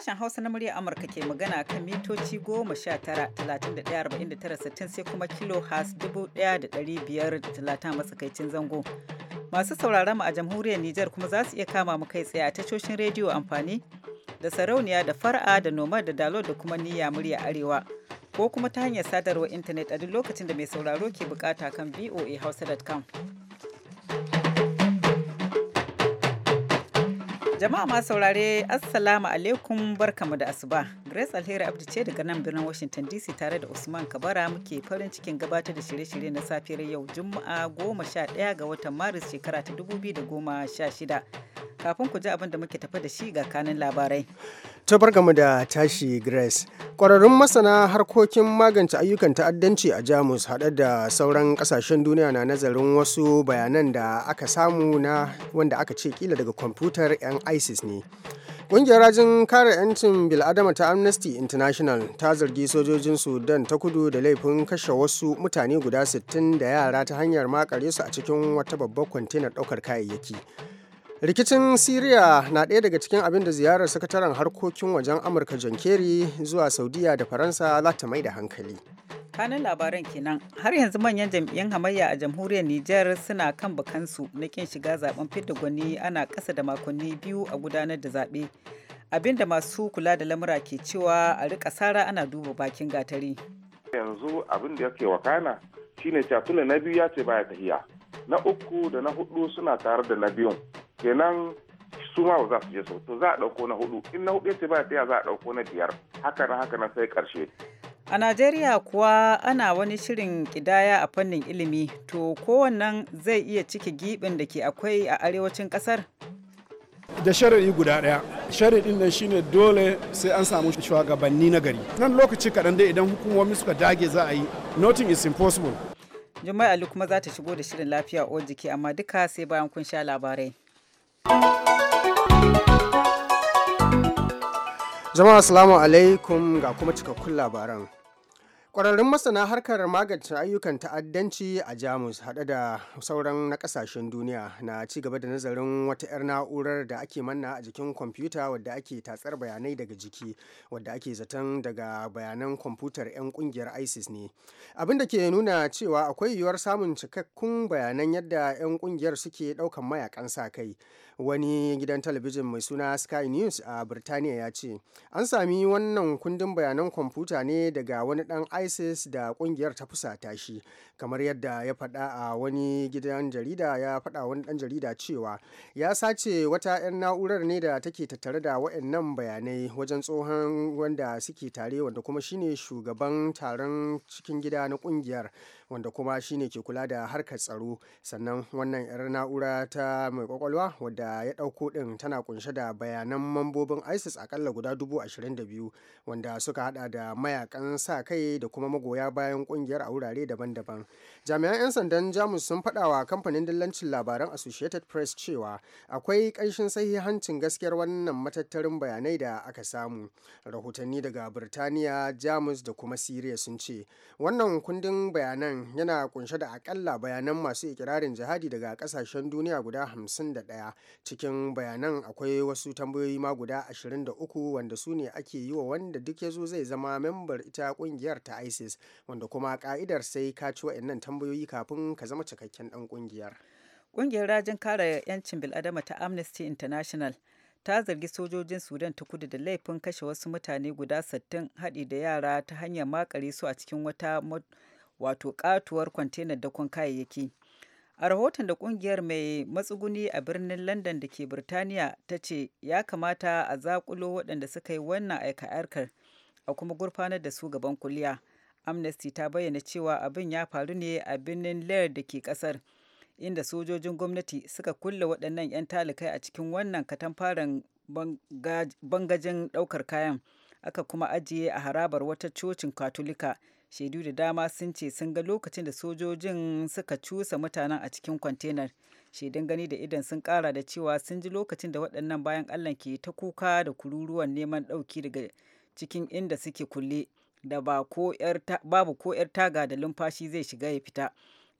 Sashen Hausa na murya Amurka ke magana kan mitoci sittin sai kuma kilo has 1,530 matsakaicin zango. Masu sauraron mu a jamhuriyar Nijar kuma za su iya kama mu kai tsaye a tashoshin rediyo amfani da sarauniya da fara’a da noma da dalo da kuma niyya murya arewa ko kuma ta hanyar sadarwar intanet a duk lokacin da mai sauraro ke bukata kan voa hausa.com. Jama'a ma saurare Assalamu alaikum barkamu da asuba. Grace Alheri abdu ce daga nan birnin Washington DC tare da Usman Kabara muke farin cikin gabatar da shirye-shirye na safiyar yau Juma'a goma sha daya ga watan Maris shekara ta dubu biyu da goma sha shida Kafin ku ji abin da muke tafi da shi ga kanin labarai. Ta barkamu da tashi Grace. Kwararrun masana harkokin magance ayyukan ta'addanci a Jamus haɗe da sauran kasashen duniya na nazarin wasu bayanan da aka samu na wanda aka ce kila daga kwamfutar 'yan isis ne Ƙungiyar rajin kare 'yancin bil'adama ta Amnesty International ta zargi sojojin Sudan ta kudu da laifin kashe wasu mutane guda 60 da yara ta hanyar makare su a cikin wata babbar kwantenar ɗaukar kayayyaki. Rikicin syria na ɗaya daga cikin abin da ziyarar sakataren harkokin wajen Amurka John Kerry zuwa Saudiya da Faransa za ta mai da hankali. tsakanin labaran kenan har yanzu manyan jam'iyyun hamayya a jamhuriyar Nijar suna kan bakansu na kin shiga zaben fidda gwani ana kasa da makonni biyu a gudanar da zaɓe. Abinda masu kula da lamura ke cewa a rika sara ana duba bakin gatari. Yanzu abin da yake wakana shine catula na biyu ya ce baya tahiya. Na uku da na hudu suna tare da na biyun. Kenan su ma za su je so to za a ɗauko na hudu in na hudu ya ce baya tahiya za a ɗauko na biyar haka na haka na sai karshe. A Najeriya kuwa ana wani shirin kidaya a fannin ilimi, to kowannan zai iya cike giɓin da ke akwai a arewacin ƙasar? Da shari'i guda ɗaya, shari'in nan shine dole sai an samu shugabanni na gari. Nan lokaci kaɗan dai idan hukumomi suka dage za a yi, nothing is impossible. Jummai Ali kuma za ta shigo da shirin lafiya uwar jiki amma duka sai bayan kun sha labarai. Jama'a assalamu alaikum ga kuma cikakkun labaran. Ƙwararrun masana harkar magance ayyukan ta'addanci a Jamus haɗe da sauran na ƙasashen duniya na ci gaba da nazarin wata 'yar na'urar da ake manna a jikin kwamfuta wadda ake tatsar bayanai daga jiki wadda ake zaton daga bayanan kwamfutar 'yan ƙungiyar ISIS ne. Abin da ke nuna cewa akwai yiwuwar samun cikakkun bayanan yadda 'yan ƙungiyar suke ɗaukan mayakan sa kai. wani gidan talabijin mai suna sky news a birtaniya ya ce an sami wannan kundin bayanan kwamfuta ne daga wani dan isis da kungiyar ta fusata shi kamar yadda ya faɗa a wani gidan jarida ya faɗa wani dan jarida cewa ya sace wata 'yan na'urar ne da take tattare da waɗannan bayanai wajen tsohon wanda suke tare wanda kuma shine shugaban taron cikin gida na kungiyar wanda kuma shine ke kula da harkar tsaro sannan wannan yar na'ura ta mai kwakwalwa wadda ya ɗauko ɗin tana kunshe da bayanan mambobin isis akalla guda dubu ashirin da biyu wanda suka hada da mayakan sa kai da kuma magoya bayan kungiyar a wurare daban-daban jami'an 'yan sandan jamus sun faɗa wa kamfanin dillancin labaran associated press cewa akwai ƙanshin sahihancin gaskiyar wannan matattarin bayanai da aka samu rahotanni daga birtaniya jamus da kuma siriya sun ce wannan kundin bayanan yana kunshe da akalla bayanan masu ikirarin jihadi daga kasashen duniya guda 51 cikin bayanan akwai wasu tambayoyi ma guda 23 wanda su ne ake yi wa wanda duk ya zo zai zama membar ita ƙungiyar ta isis wanda kuma ka'idar sai ka ci wa'annan tambayoyi kafin ka zama cikakken dan kungiyar. Ƙungiyar rajin kare 'yancin bil'adama ta Amnesty International ta zargi sojojin Sudan ta kudu da laifin kashe wasu mutane guda 60 haɗi da yara ta hanyar makare su a cikin wata wato katuwar kwantenar dakon kayayyaki. A rahoton da kungiyar mai matsuguni a birnin London da ke Birtaniya ta ce ya kamata a zakulo waɗanda suka yi wannan aika-aikar a kuma gurfanar da su gaban kuliya. amnesty ta bayyana cewa abin ya faru ne a birnin lair da ke kasar inda sojojin gwamnati suka kulle waɗannan 'yan talikai a cikin wannan katamfaran bangajin ɗaukar kayan aka kuma ajiye a harabar wata cocin katolika shaidu da dama sun ce sun ga lokacin da sojojin suka cusa mutanen a cikin kwantenar shaidun gani da idan sun kara da cewa sun ji lokacin da waɗannan bayan allah ke ta kuka da kururuwan neman ɗauki daga cikin inda suke kulle da babu ko 'yar taga da lumfashi zai shiga ya fita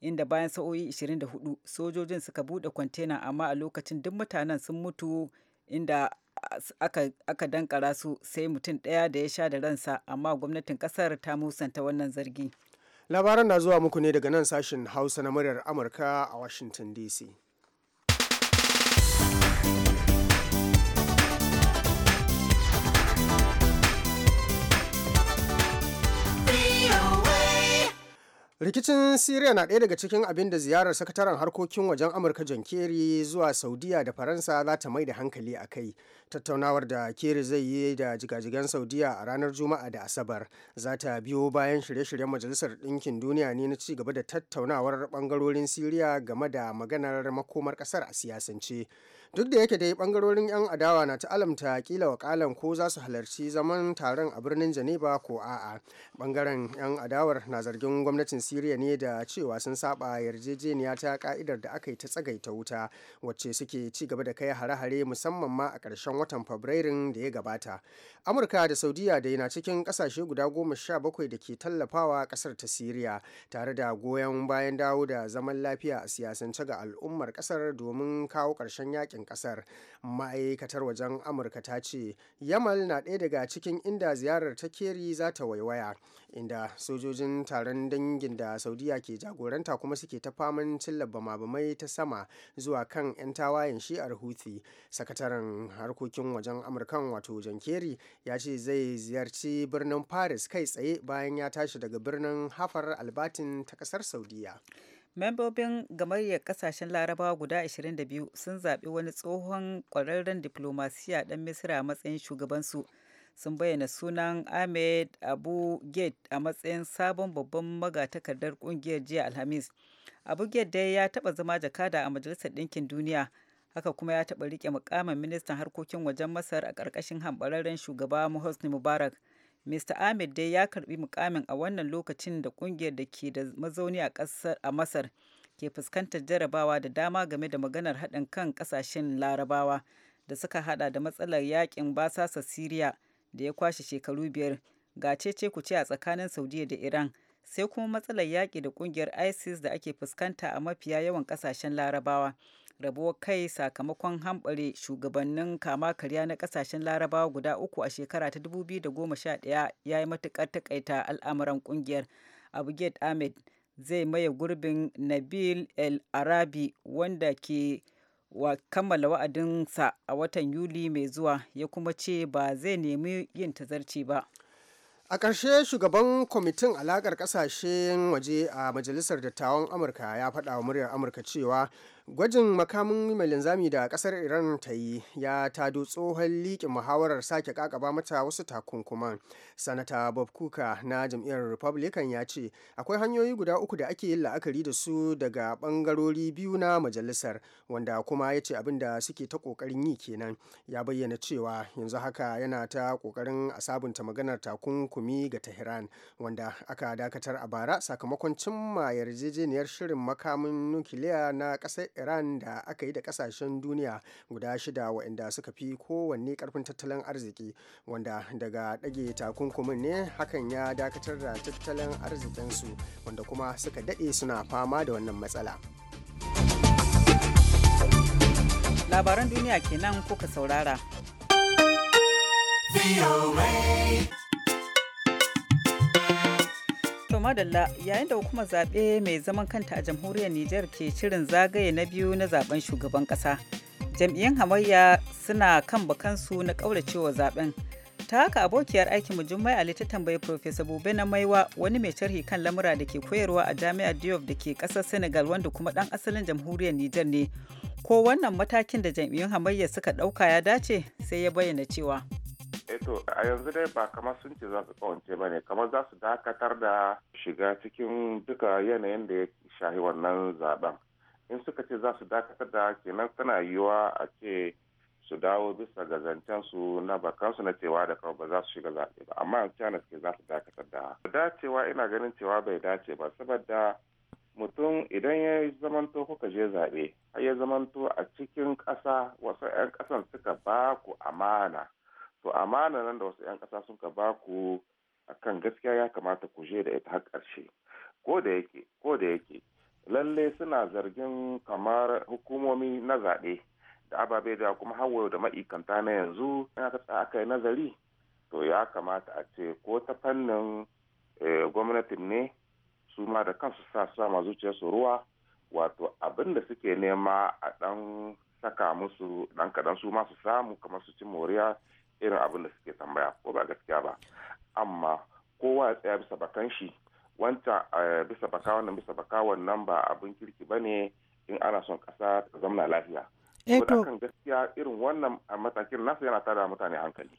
inda bayan sa'o'i 24 sojojin suka buɗe kwantena amma a lokacin duk mutanen sun mutu inda aka, aka dankara su sai mutum ɗaya da ya sha da ransa amma gwamnatin ƙasar ta musanta wannan zargi labaran na zuwa muku ne daga nan sashen hausa na muryar amurka a washington dc rikicin syria na ɗaya daga cikin abin da ziyarar sakataren harkokin wajen amurka john zuwa saudiya da faransa za ta mai da hankali a kai tattaunawar da keri zai yi da jigajigan saudiya a ranar juma'a da asabar za ta biyo bayan shirye-shiryen majalisar ɗinkin duniya ne na ci gaba da tattaunawar ɓangarorin siriya game da maganar makomar ƙasar a siyasance duk da yake dai ɓangarorin 'yan adawa na ta'alamta kila wakalan ko za su halarci zaman taron a birnin geneva ko a'a ɓangaren 'yan adawar na zargin gwamnatin siriya ne da cewa sun saba yarjejeniya ta ka'idar da aka yi ta tsagaita wuta wacce suke ci gaba da kai hare-hare musamman ma a ƙarshen watan fabrairun da ya gabata amurka da saudiya dai na cikin kasashe guda goma sha bakwai da ke tallafawa kasar ta siriya tare da goyon bayan dawo da zaman lafiya a siyasance ga al'ummar kasar domin kawo ƙarshen yakin kasar ma'aikatar wajen amurka ta ce yamal na ɗaya daga cikin inda ziyarar ta keri za ta waiwaya inda sojojin taron dangin da saudiya ke jagoranta kuma suke ta faman cilla ta sama zuwa kan 'yan tawayen shi'ar huthi sakataren harkokin harkokin wajen amurkan wato john kerry ya ce zai ziyarci birnin paris kai tsaye bayan ya tashi daga birnin hafar albatin ta kasar saudiya membobin gamayyar kasashen larabawa guda 22 sun zaɓi wani tsohon ƙwararren diplomasiya ɗan misira a matsayin shugabansu sun bayyana sunan ahmed abu gate a matsayin sabon babban magatakardar ƙungiyar jiya alhamis abu gate dai ya taɓa zama jakada a majalisar ɗinkin duniya haka kuma ya taɓa riƙe mukamin ministan harkokin wajen masar a ƙarƙashin hambararren shugaba hosni mubarak mr ahmed dai ya karɓi mukamin a wannan lokacin da ƙungiyar da ke da mazauni a masar ke fuskantar jarabawa da dama game da maganar haɗin kan ƙasashen larabawa da suka haɗa da matsalar yaƙin basasa siriya da ya kwashe shekaru biyar ga cece ku ce a tsakanin saudiya da iran sai kuma matsalar yaƙi da ƙungiyar isis da ake fuskanta a mafiya yawan ƙasashen larabawa rabuwar kai sakamakon hambare shugabannin kama karya na kasashen larabawa guda uku a shekara ta 2011 ya yi matukar takaita al'amuran kungiyar abugate ahmed zai maye gurbin nabil el arabi wanda ke wa kammala wa'adinsa a watan yuli mai zuwa ya kuma ce ba zai nemi yin tazarci ba a ƙarshe shugaban kwamitin alaƙar ƙasashen waje a majalisar dattawan amurka ya faɗa wa muryar amurka cewa gwajin makamin mai linzami da kasar iran ta yi ya tado tsohon liƙin muhawarar sake kakaba mata wasu takunkuman sanata bob kuka na jam'iyyar republican ya ce akwai hanyoyi guda uku da ake yin la'akari da su daga bangarori biyu na majalisar wanda kuma ya ce abinda da suke ta kokarin yi kenan ya bayyana cewa yanzu haka yana ta kokarin a sabunta maganar takunkumi ga tehran wanda aka dakatar a bara sakamakon cimma yarjejeniyar shirin makamin nukiliya na kasar iran da aka yi da kasashen duniya guda shida waɗanda suka fi kowanne karfin tattalin arziki wanda daga ɗage takunkumin ne hakan ya dakatar da tattalin arzikinsu wanda kuma suka daɗe suna fama da wannan matsala. labaran duniya kenan kuka saurara. madalla yayin da hukumar zaɓe mai zaman kanta a jamhuriyar Nijar ke shirin zagaye na biyu na zaben shugaban ƙasa. Jam'iyyun hamayya suna kan bakansu na ƙauracewa zaben. Ta haka abokiyar mu Jummai Ali ta tambayi Profesa Bobe na Maiwa wani mai sharhi kan lamura da ke koyarwa a Jami'ar Diop da ke ƙasar Senegal wanda kuma ɗan asalin jamhuriyar Nijar ne. Ko wannan matakin da jam'iyyun hamayya suka ɗauka ya dace sai ya bayyana cewa. eto eh a yanzu dai ba kamar sun ce za su kawance ba ne kamar za su dakatar da shiga cikin duka yanayin da ya shahi wannan zaben in suka ce za su dakatar da kenan tana yiwuwa a ce su dawo bisa ga zancen su na bakansu na cewa da kawai ba za su shiga zaɓe ba amma china suke za su dakatar da dacewa ina ganin cewa bai dace ba saboda mutum idan ya zamanto kuka je zaɓe har ya zamanto a cikin ƙasa wasu 'yan ƙasan suka ba ku amana to amana nan da wasu 'yan kasa sun ka ba ku a kan gaskiya ya kamata ku je da ita har ƙarshe ko da yake ko lalle suna zargin kamar hukumomi na zaɓe da ababe da kuma hawaye da ma'ikanta na yanzu ta ka aka yi nazari to ya kamata a ce ko ta fannin eh, gwamnatin ne su ma da kansu sa su sama zuciya su ruwa wato abin da suke nema a ɗan saka musu ɗan kaɗan su ma su samu kamar su ci moriya irin abin da suke tambaya ko ba gaskiya ba amma kowa ya tsaya bisa bakan shi wancan eh, bisa baka wannan bisa baka wannan ba abin kirki ba ne in ana son kasa ta zamna lafiya. Eto. Eh, kan gaskiya irin wannan matakin nasa yana tada mutane hankali.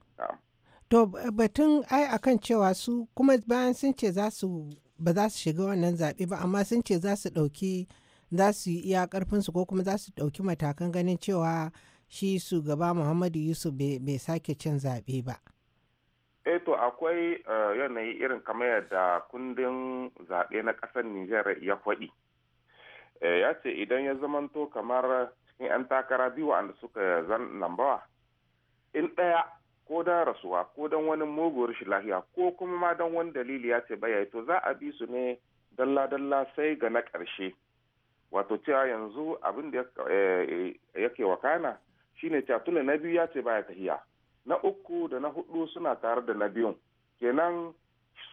To eh, batun ai akan cewa su kuma bayan sun ce za su ba za su shiga wannan zaɓe ba amma sun ce za su ɗauki za su yi iya ƙarfinsu ko kuma za su ɗauki matakan ganin cewa shi shugaba muhammadu yusuf bai sake cin zaɓe ba e to akwai eh, yanayi irin kamar yadda kundin zaɓe na ƙasar nijar ya faɗi eh, ya ce idan ya zamanto kamar cikin 'yan takara biyu waɗanda suka zan lambawa in ɗaya ko don rasuwa ko don wani mugun rashin lahiya ko kuma ma don wani dalili ya ce baya to za a bi su ne dalla-dalla sai ga na ƙarshe wato cewa yanzu abin da yake wakana shine catule na biyu ya ce baya tahiya na uku da na hudu suna tare da na biyun kenan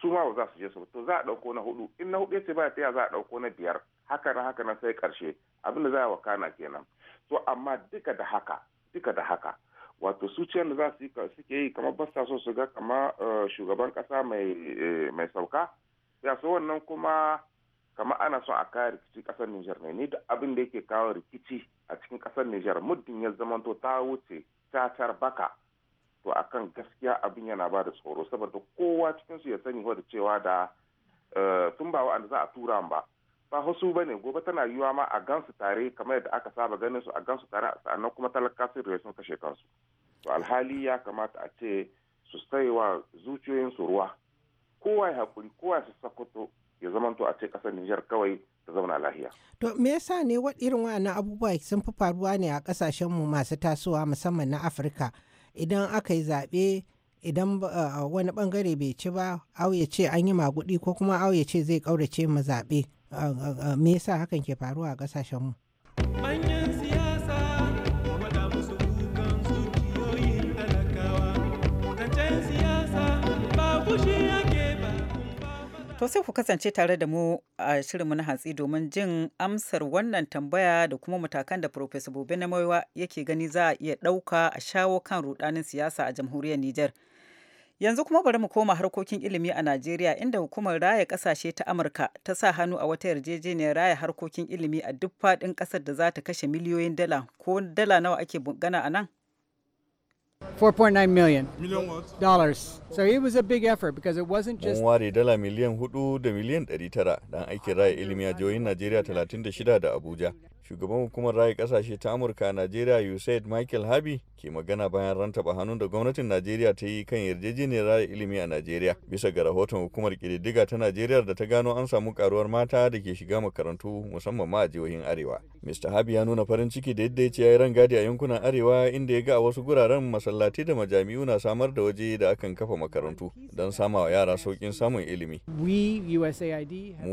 su ma ba za su je su to za a dauko na hudu in na hudu ya ce baya tahiya za a dauko na biyar haka na haka na sai karshe abin da za a wakana kenan to amma duka da haka duka da haka wato su da za su suke yi kamar basta so su ga kama eh, shugaban kasa eh, mai sauka ya so wannan kuma kamar ana son a kawo rikici kasar Nijar ne ni da abin da yake kawo rikici a cikin kasar Nijar muddin ya zamanto ta wuce tatar baka to akan gaskiya abin yana ba da tsoro saboda kowa cikin su ya sani da cewa da eh, tun ba wa'anda za a tura ba ba wasu ba ne gobe tana yiwuwa ma a gansu tare kamar yadda aka saba ganin su a gansu tare sannan kuma talaka sun sun kashe kansu to alhali ya kamata a ce su zuciyoyin su ruwa kowa ya haƙuri kowa ya sakoto. so a ce kasar Nijar kawai ta zauna lahiya. To me yasa ne wa irin waɗannan abubuwa sun fi faruwa ne a kasashen mu masu tasowa musamman na Afirka idan aka yi zaɓe idan wani bangare bai ci ba auye ce an yi maguɗi ko kuma auye ce zai ƙaurace mu zaɓe me yasa hakan ke faruwa a kasashen mu. To sai ku kasance tare da mu a shirinmu na hantsi domin jin amsar wannan tambaya da kuma matakan da Profesa Bobe na Maiwa yake gani za a iya ɗauka a shawo kan rudanin siyasa a jamhuriyar Nijar. Yanzu kuma bari mu koma harkokin ilimi a Najeriya inda hukumar raya ƙasashe ta Amurka ta sa hannu a wata yarjejeniyar raya harkokin ilimi a duk faɗin ƙasar da za ta kashe miliyoyin dala ko dala nawa ake gana a nan? 4.9 million, dollars. So it was a big effort because it wasn't just. Mun ware dala miliyan hudu da miliyan ɗari tara don aikin raya ilimi a jihohin Najeriya 36 da Abuja. shugaban hukumar raya kasashe ta amurka a najeriya usaid michael habi ke magana bayan rantaba hannun da gwamnatin najeriya ta yi kan yarjejeniyar raya ilimi a najeriya bisa ga rahoton hukumar kididdiga ta najeriya da ta gano an samu karuwar mata da ke shiga makarantu musamman ma a jihohin arewa mr habi ya nuna farin ciki da yadda ya ce ya yi rangadi a yankunan arewa inda ya ga a wasu guraren masallatai da majami'u na samar da waje da akan kafa makarantu don samawa yara saukin samun ilimi mu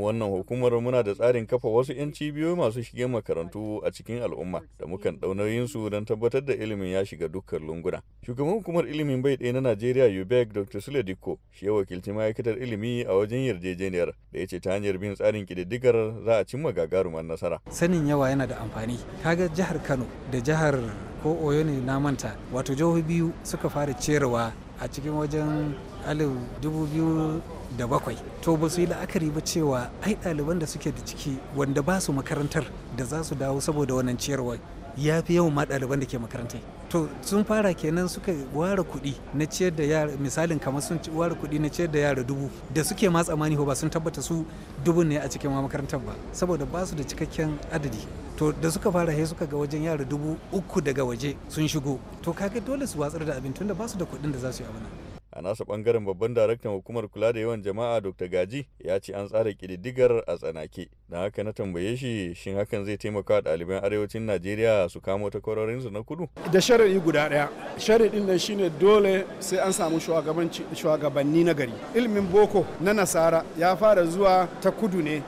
wannan hukumar muna da tsarin kafa wasu 'yan cibiyoyi masu shigen makarantu makarantu a cikin al'umma da mukan ɗau don tabbatar da ilimin ya shiga dukkan lunguna. Shugaban hukumar ilimin bai ɗaya na Najeriya UBEC Dr. Sule Dikko shi ya wakilci ma'aikatar ilimi a wajen yarjejeniyar da ya ce ta hanyar bin tsarin ƙididdigar za a cimma gagarumar nasara. Sanin yawa yana da amfani. Kaga jihar Kano da jihar ko Oyo ne na manta wato jihohi biyu suka fara cerewa a cikin wajen alif dubu biyu da bakwai to ba su yi la'akari ba cewa ai ɗaliban da suke da ciki wanda ba su makarantar da za su dawo saboda wannan ciyarwa ya fi yawan ma ɗaliban da ke makarantai to sun fara kenan suka ware kuɗi na ciyar da yara misalin kamar sun ware kuɗi na ciyar da yara dubu da suke ma tsammani ba sun tabbata su dubu ne a cikin makarantar ba saboda ba su da cikakken adadi to da suka fara he suka ga wajen yara dubu uku daga waje sun shigo to kaga dole su watsar da abin tunda ba su da kuɗin da za su yi abin a nasa bangaren babban daraktan hukumar kula da yawan jama'a dr gaji ya ce an tsara kididdigar a tsanake don haka na tambaye shi shin hakan zai taimaka wa ɗaliban arewacin najeriya su kamo su na kudu da shari'i guda ɗaya shari'in nan shine dole sai an samu shugabanni na gari ilimin boko na nasara ya fara zuwa ta kudu ne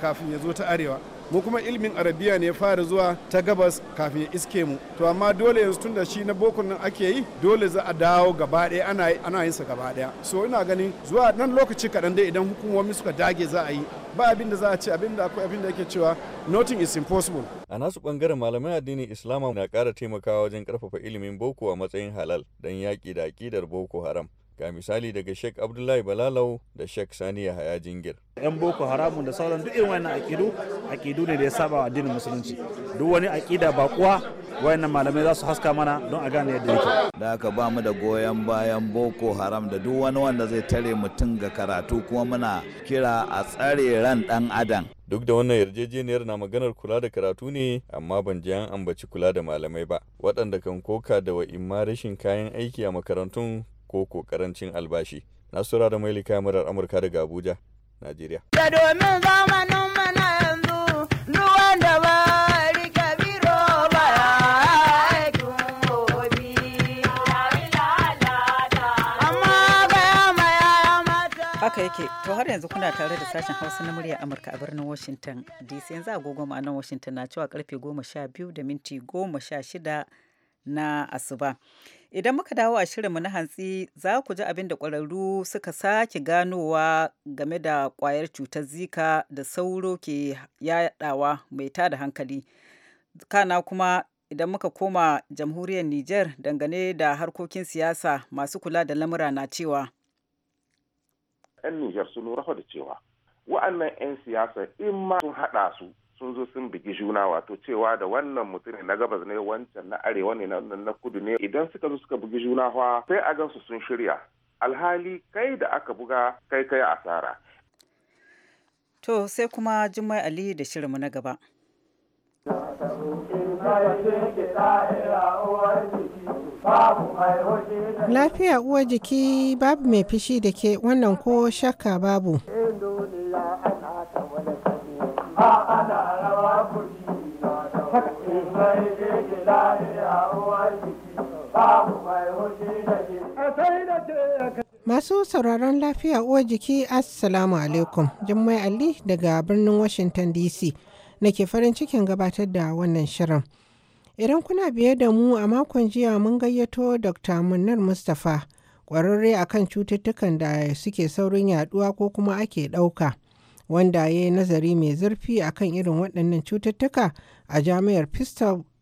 kafin ya zo ta arewa mu kuma ilimin arabiya ne ya fara zuwa ta gabas kafin ya iske mu to amma dole yanzu tun da shi na boko nan ake yi dole za a dawo gaba ɗaya ana ana yin sa gaba ɗaya so ina ganin zuwa nan lokaci kaɗan dai idan hukumomi suka dage za a yi ba abin da za a ce abin da akwai abin da yake cewa nothing is impossible a nasu bangaren malamai addinin islama na ƙara taimakawa wajen ƙarfafa ilimin boko a matsayin halal don yaƙi da aƙidar boko haram Ga misali daga Sheikh Abdullahi Balalau da shek Sani haya Jingir. 'Yan Boko Haramun da sauran duk irin wannan akidu, akidu ne da ya saba addinin musulunci. Duk wani akida ba kuwa wayannan malamai za su haska mana don a gane yadda yake. Da aka ba mu da goyon bayan Boko Haram da duk wani wanda zai tare mutum ga karatu kuma muna kira a tsare ran ɗan adam. Duk da wannan yarjejeniyar na maganar kula da karatu ne amma ban ji an ambaci kula da malamai ba waɗanda kan koka da wa'imma rashin kayan aiki a makarantun ko ko albashi nasura da maili kamarar amurka daga abuja najeriya da zamanin mana yanzu ruwan da ba to har yanzu kuna tare da sashen hausa na murya amurka a birnin washington dc yanzu agogo ma'anar washington na cewa karfe goma sha biyu da minti goma sha shida na asuba Idan muka dawo a shirinmu na hantsi za ku ji abin da ƙwararru suka sake ganowa game da ƙwayar cutar zika da sauro ke yaɗawa mai ta da hankali. Kana kuma idan muka koma jamhuriyar Nijar dangane da harkokin siyasa masu kula da lamura na cewa. 'Yan Nijar sun lura da cewa wa'annan 'yan siyasa in ma sun haɗa su sun zo sun bigi juna wato cewa da wannan mutum na gabas ne wancan na arewa ne na kudu ne idan suka zo suka bugi juna fa sai a gansu sun shirya alhali kai da aka buga kai kai asara to sai kuma jummai ali da shirinmu na gaba Lafiya uwar jiki babu mai fishi da ke wannan ko shakka babu. Masu sauraron lafiya uwar jiki Assalamu alaikum Jummai Ali daga birnin Washington DC nake farin cikin gabatar da wannan shirin. Idan kuna biye da mu a makon jiya mun gayyato Dr. Munnar Mustapha ƙwararre akan cututtukan da suke saurin yaduwa ko kuma ake ɗauka. wanda ya yi nazari mai zurfi akan irin waɗannan cututtuka a jami'ar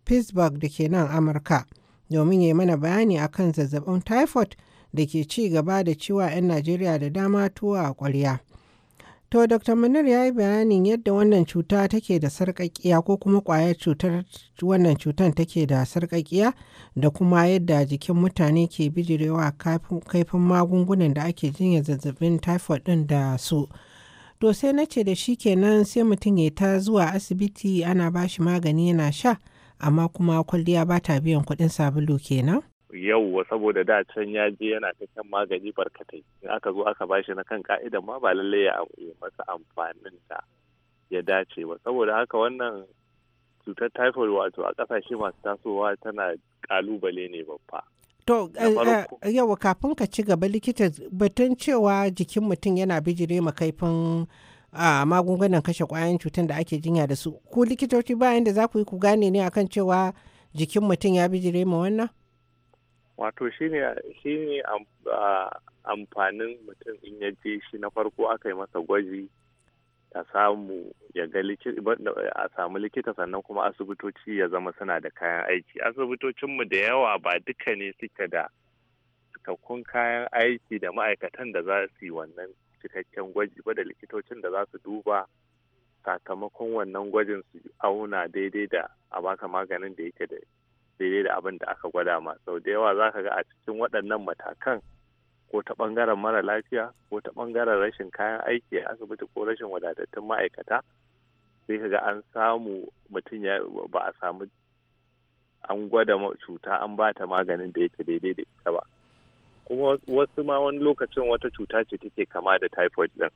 pittsburgh da ke nan amurka domin ya mana bayani akan zazzabin typhoid da ke ci gaba da ciwa 'yan najeriya da dama tuwa a ƙwarya to dr munir ya yi bayanin yadda wannan cuta take da sarƙaƙiya ko kuma ƙwayar cutar wannan cutar take da sarƙaƙiya da kuma yadda jikin mutane ke bijirewa kaifin magungunan da ake jinya zazzabin typhoid ɗin da su to sai na ce da shi kenan sai mutum ya ta zuwa asibiti ana ba shi magani yana sha amma kuma kwalliya ba ta biyan kuɗin sabulu kenan yauwa saboda da can ya je yana ta kan magani barkatai in aka zo aka bashi na kan ka'ida ma ba lallai ya masa amfanin ta ya dace ba saboda haka wannan cutar typhoid wato a kasashe masu tasowa tana kalubale ne babba To, eh, eh, yau kafin ka ci gaba likita batun cewa jikin mutum yana bijire makaifin a magungunan kashe kwayan cutar da ake jinya da su. Ku likitoci bayan da za ku yi ku gane ne akan cewa jikin mutum ya bijire ma wannan? Wato shi ne amfanin mutum in ya je shi na farko aka yi masa gwaji a samu ya ga a samu likita sannan kuma asibitoci ya zama suna da kayan aiki asibitocinmu da yawa ba duka ne suke da cikakkun kayan aiki da ma'aikatan da za su yi wannan cikakken gwaji ba da likitocin da za su duba sakamakon wannan gwajin su auna daidai da a baka maganin da yake da daidai da abin da aka gwada ma da yawa za ka ga a cikin waɗannan matakan ko ta ɓangaren mara lafiya ko ta bangaren rashin kayan aiki a asibiti ko rashin wadatattun ma'aikata sai ka ga an samu mutum ya ba a samu an gwada cuta an ba ta maganin da yake daidai da ita ba kuma wasu ma wani lokacin wata cuta ce take kama da typhoid din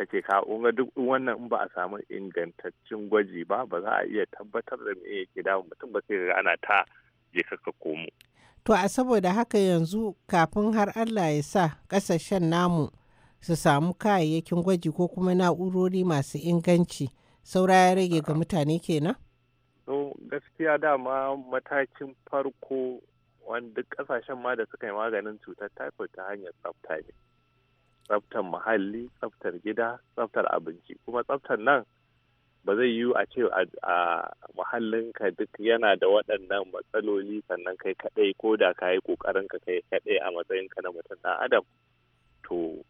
kake ka unga duk wannan in ba a samu ingantaccen gwaji ba ba za a iya tabbatar da me yake damun mutum ba sai ga ana ta je kaka komo To a saboda haka yanzu kafin har Allah ya sa ƙasashen namu su samu kayayyakin gwaji ko kuma na'urori masu inganci saura ya rage ga mutane kenan? So gaskiya dama matakin farko wanda ƙasashen ma da suka yi maganin cutar typhoid ta hanyar tsafta ne. Tsaftar muhalli, tsaftar gida, tsaftar abinci, kuma tsaftar nan ba zai yiwu a ce a muhallinka duk yana da waɗannan matsaloli sannan kai kaɗai ko da ka yi ƙoƙarin ka kai kaɗai a matsayinka na mutum ɗan adam to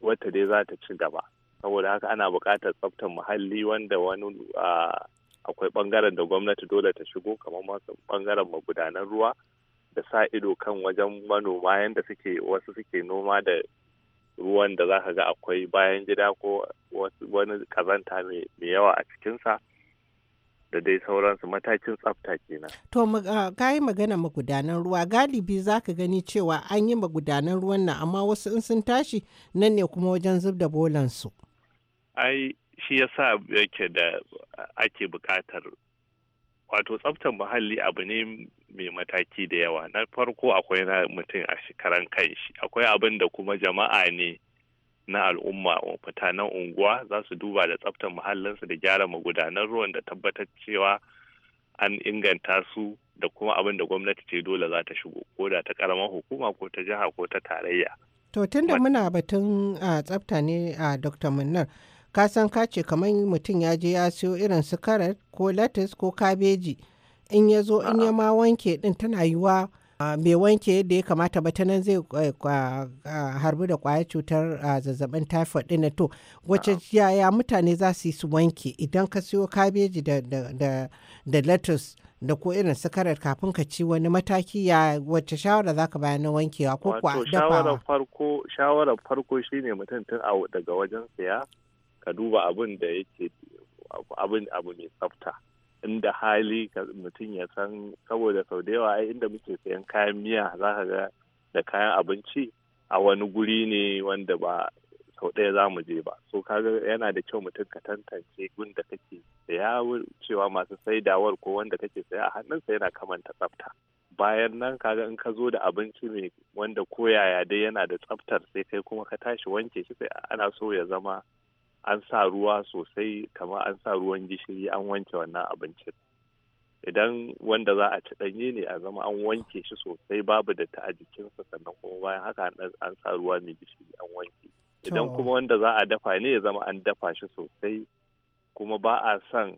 wata dai za ta ci gaba saboda haka ana buƙatar tsaftar muhalli wanda wani akwai ɓangaren da gwamnati dole ta shigo kamar masu ɓangaren magudanan ruwa da sa ido kan wajen manoma yadda suke wasu suke noma da ruwan da za ka ga akwai bayan gida ko wani kazanta mai yawa a cikinsa da dai sauransu matakin tsafta kenan. To ah, ka yi magana magudanan ruwa galibi za ka gani cewa an yi magudanan ruwan nan amma wasu in sun tashi nan ne kuma wajen zub da bolansu. Ai shi yasa yake da ake bukatar. wato tsaftar muhalli abu ne mai mataki da yawa na farko akwai na mutum a shekaran kanshi akwai abin da kuma jama'a ne na al'umma mutanen unguwa za su duba da tsaftar muhallinsu da gyara magudanan ruwan da tabbatar cewa an inganta su da kuma abin da gwamnati ce dole za ta shigo ko da ta karamar hukuma ko ta jiha ko ta tarayya. To tunda muna batun a ah, tsafta ne ah, a Dr. Munnar ka san ka ce kamar mutum ya je ya siyo irin su karat ko latas ko kabeji in ya zo in ya ma wanke din tana yiwa bai wanke da ya kamata ba ta nan zai eh, harbi da kwayar cutar zazzabin typhoid din to wace yaya mutane za su yi su wanke idan ka siyo kabeji da latas da ko irin sakarar kafin ka ci wani mataki ya wacce shawara za ka bayan na wankewa ko kuwa dafawa? shawarar farko farko shine mutum tun daga wajen siya ka duba abin da yake abin abu mai tsafta inda hali mutum ya san saboda sau da yawa inda muke sayan kayan miya za ka ga da kayan abinci a wani guri ne wanda ba sau ɗaya za mu je ba so kaga yana da kyau mutum ka tantance gun da kake saya cewa masu saidawar ko wanda kake saya a hannunsa yana kamanta tsafta bayan nan kaga in ka zo da abinci mai wanda koyaya dai yana da tsaftar sai kai kuma ka tashi wanke shi sai ana so ya zama an sa ruwa sosai kamar an sa ruwan gishiri an wanke wannan abincin idan wanda za a ci ɗanye ne a zama an wanke shi sosai babu da ta a jikinsa sannan kuma bayan haka an sa ruwa mai gishiri an wanke idan kuma wanda za a dafa ne ya zama an dafa shi sosai kuma ba a son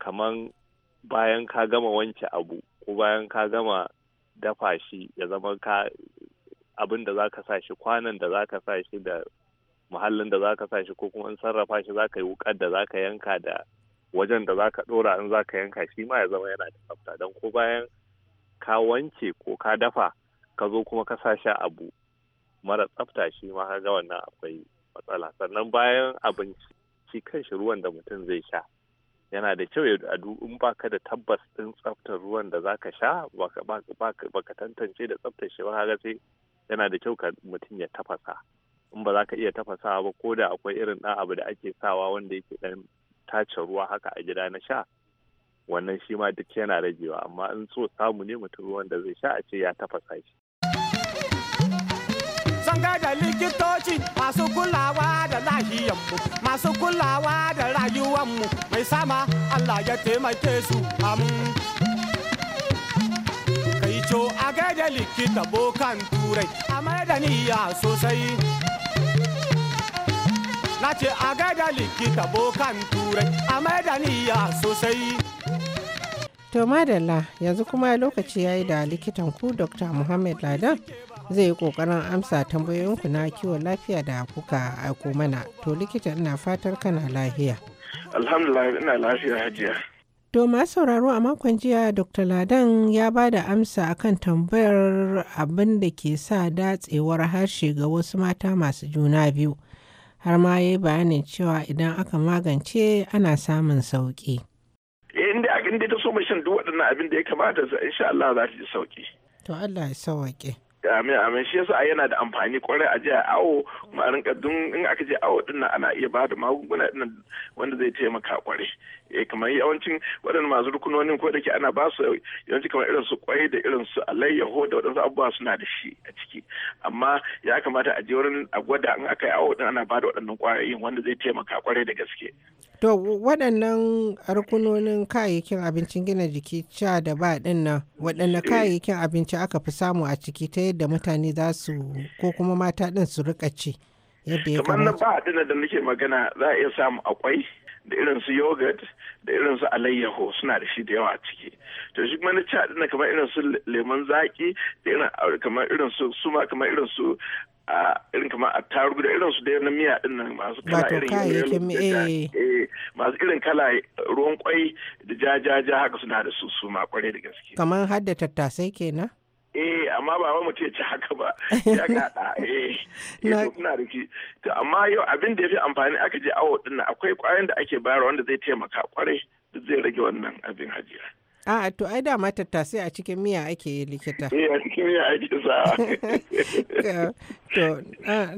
kaman bayan ka gama wanke abu ko bayan ka gama dafa shi ya zama ka abin da za ka sa shi kwanan da za ka sa shi da muhallin da zaka sa shi ko kuma in sarrafa shi zaka yi wukar da zaka yanka da wajen da zaka dora in zaka yanka shi ma ya zama yana da tsafta dan ko bayan ka wanke ko ka dafa ka zo kuma ka sa shi abu mara tsafta shi ma kaga wannan akwai matsala sannan bayan abinci shi kanshi ruwan da mutum zai sha yana da kyau ya adu in baka da tabbas din tsaftar ruwan da zaka sha baka baka tantance da tsaftar shi ba kaga sai yana da kyau ka mutum ya tafasa in ba za ka iya tafasawa ba ko da akwai irin ɗan abu da ake sawa wanda yake ɗan tace ruwa haka a gida na sha wannan shi ma duk yana ragewa amma in so samu ne mutum ruwan da zai sha a ce ya tafasa shi. Zan da likitoci masu kulawa da lahiyanmu masu kulawa da rayuwanmu mai sama Allah ya taimake su amu. Kai co a gaida likita bokan turai a madaniya sosai. na ce a gaida likita bokan turai a maida niyya sosai to madalla yanzu kuma lokaci ya yi da likitan ku dr muhammad ladan zai yi kokarin amsa tambayoyinku na kiwon lafiya da kuka aiko mana to likita ina fatar kana lafiya alhamdulillah ina lafiya hajiya To masu sauraro a makon jiya Dr. Ladan ya ba da amsa akan tambayar abin da ke sa datsewar harshe ga wasu mata masu juna biyu. har ma ya yi bayanin cewa idan aka magance ana samun sauƙi. Eh, inda in dai ta so mai shan duk waɗannan abin da ya kamata su insha Allah za ta ji sauƙi. To Allah ya sauƙe. Amin amin shi yasa yana da amfani kwarai a jiya awo kuma a rinka dun in aka je awo ɗin ana iya ba da magunguna wanda zai taimaka kwarai Eh, kamar yawancin waɗannan masu rukunonin ko da ke ana ba su yawanci kamar irin su kwai da irin su alayyaho da waɗansu abubuwa suna da shi a ciki amma ya kamata a je wurin a gwada in aka yi awo din ana ba da waɗannan kwayoyin wanda zai taimaka kwarai da gaske. To waɗannan rukunonin kayayyakin abincin gina jiki ca da ba ɗin nan waɗanne eh. kayayyakin abinci aka fi samu a ciki ta yadda mutane za su ko kuma mata ɗin su rika ci. Yadda Kamar na ba ɗin da nake magana za a iya samu akwai da irin su yogurt da irin su alayyaho suna da shi da yawa a ciki to shi kuma na ci na kamar irin su lemon zaki da irin kamar irin su suma kamar irin su a irin kamar a tarugu da irin su da na miya din nan masu kala irin eh. Eh, masu irin kala ruwan kwai da ja ja ja haka suna da su suma kwarai da gaske kamar hadda tattasai kenan eh amma ba wai mutum ya ci haka ba ya gada eh eh ina riki to amma yau abin da ya fi amfani aka je awo din akwai kwayan da ake bayarwa wanda zai taimaka kwarai zai rage wannan abin hajiya A'a to ai da ta tattasai a cikin miya ake yi likita. Eh a cikin miya ake sa. To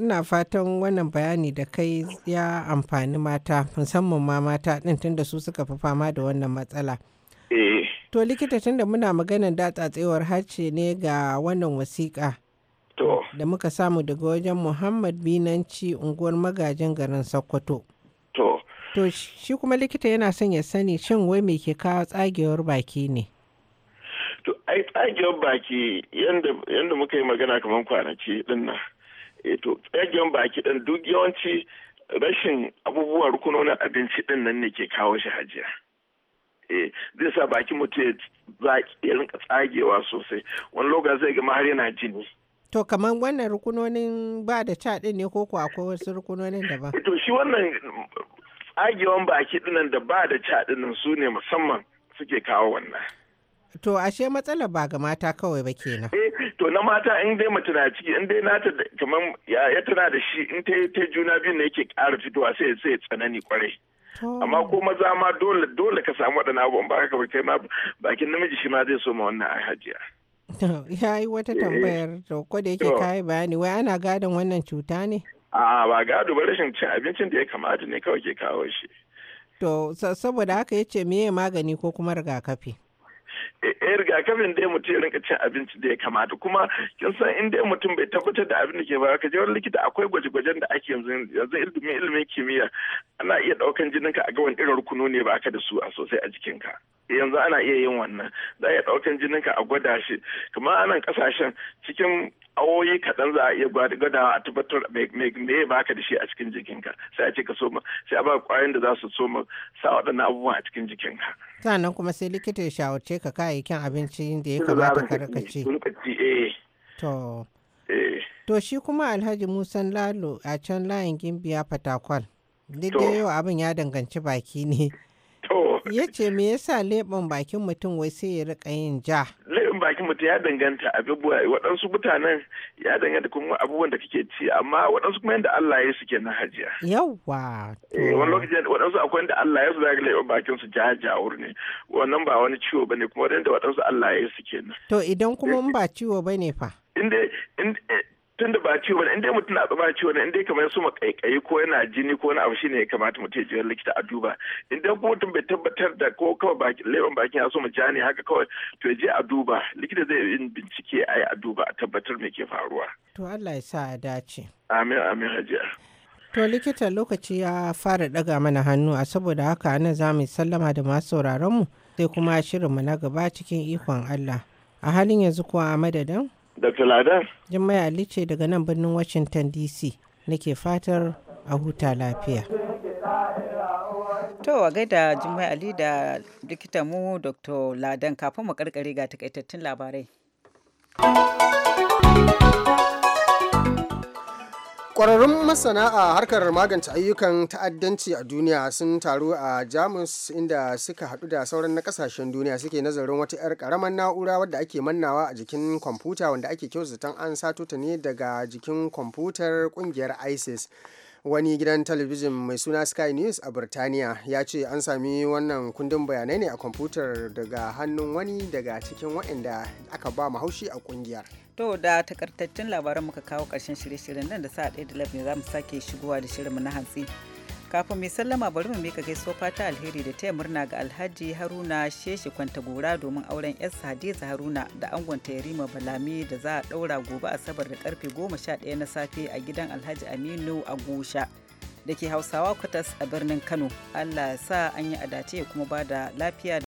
ina fatan wannan bayani da kai ya amfani mata musamman ma mata din tunda su suka fi fama da wannan matsala. Eh. To likita tunda muna maganar datsatsewar harce ne ga wannan wasiƙa. Da muka samu daga wajen Muhammad Binanci unguwar magajin garin Sokoto. To. To shi kuma likita yana son ya sani shin wai me ke kawo tsagewar baki ne? To ai tsagewar baki yadda muka yi magana kamar kwanaki din nan. E to tsagewar baki din duk yawanci rashin abubuwan rukunonin abinci din ne ke kawo shi hajiya. Eh, zai sa baki mutum ya zaki ya rinka tsagewa sosai wani lokacin zai gama har yana jini to kamar wannan rukunonin ba da ca din ne ko ko akwai wasu rukunonin daban to shi wannan tsagewan baki dinan da ba da ca dinan su ne musamman suke kawo wannan To ashe matsalar ba ga mata kawai ba kenan. Eh to na mata in dai mace na ciki in dai nata kamar ya tana da shi in ta ta juna biyu ne yake ƙara fitowa sai sai tsanani kwarai. amma oh. ko maza ma dole dole ka samu waɗannan abubuwan ba ka kai ma bakin namiji shi ma zai so ma wannan a hajiya ya yi wata eh. tambayar da ko da yake kayi bayani wai ana gadon wannan cuta ne a ba gado ba rashin cin abincin da ya kamata ne kawai ke kawo shi to saboda haka ya ce meye magani ko kuma rigakafi yan eh, rigakafin dai mutum ya rinka cin abinci da ya kamata kuma kin san in dai mutum bai tabbatar da abin da ke ba ka je wani likita akwai gwaje-gwajen da ake yanzu yanzu ilimin ilimin kimiyya ana iya daukan ka a ga wani irin rukunu ne ba ka da su a sosai a jikinka eh, yanzu ana iya yin wannan za a iya daukan ka a gwada shi kuma anan kasashen cikin awoyi kaɗan za a iya gwada a tabbatar me ya baka da shi a cikin jikinka sai a ce ka soma sai a ba kwayoyin da za su soma sa waɗannan abubuwa a cikin jikinka sannan kuma sai likita ya shawarce ka kayayyakin abinci da ya kamata ka raka ci eh. Eh. to shi kuma alhaji musa lalo a can layin gimbiya fatakwal duk da yau abin ya danganci baki ne ya ce me yasa leɓen bakin mutum wai sai ya rika yin ja leɓen bakin mutum ya danganta abubuwa waɗansu mutanen ya danganta kuma abubuwan da kake ci amma waɗansu kuma yadda Allah ya suke na hajiya yawa eh, wani lokaci waɗansu akwai yadda Allah ya su zaka leɓen bakin su ja jawur ne wannan ba wani ciwo bane kuma yadda waɗansu Allah ya suke na to idan kuma eh, ba ciwo bane fa eh, tun da ba ciwo bane in dai mutum na ba ciwo ne in dai kamar su makaikayi ko yana jini ko wani abu shine ya kamata mutum ya je likita a duba in dai kuma mutum bai tabbatar da ko kawai baki leban bakin ya so mu jani haka kawai to je a duba likita zai yi bincike ai a duba a tabbatar me ke faruwa to Allah ya sa a dace amin amin hajiya To likita lokaci ya fara daga mana hannu a saboda haka ana za mu sallama da masu mu sai kuma shirinmu na gaba cikin ikon Allah. A halin yanzu kuwa a madadin? Dr. Ladar? Jummai Ali ce daga nan birnin Washington DC nake fatar a huta lafiya. To a gaida Jummai Ali da likitanmu Dr. Ladan kafin mu karkare ga takaitattun labarai. kwararrun masana a harkar magance ayyukan ta'addanci a duniya sun taru a Jamus inda suka haɗu da sauran na ƙasashen duniya suke nazarin wata 'yar ƙaramar na'ura wadda ake mannawa a jikin kwamfuta wanda ake kyautatan an sato ta ne daga jikin kwamfutar ƙungiyar ISIS. wani gidan talabijin mai suna sky news a birtaniya ya ce an sami wannan kundin bayanai ne a kwamfutar daga hannun wani daga cikin waɗanda aka ba mahaushi a ƙungiyar. To da takartaccen labaran muka kawo ƙarshen shirye-shiryen nan da sa ɗaya da labin za mu sake shigowa da shirinmu na hantsi. Kafin mai sallama bari mu mika gaisuwa fata alheri da taya murna ga Alhaji Haruna Sheshe gora domin auren yarsa Hadiza Haruna da ta Yarima Balami da za a ɗaura gobe Asabar da karfe 11 na safe a gidan Alhaji Aminu Agusha da ke Hausawa Kwatas a birnin Kano. Allah sa an yi adace ya kuma ba da lafiya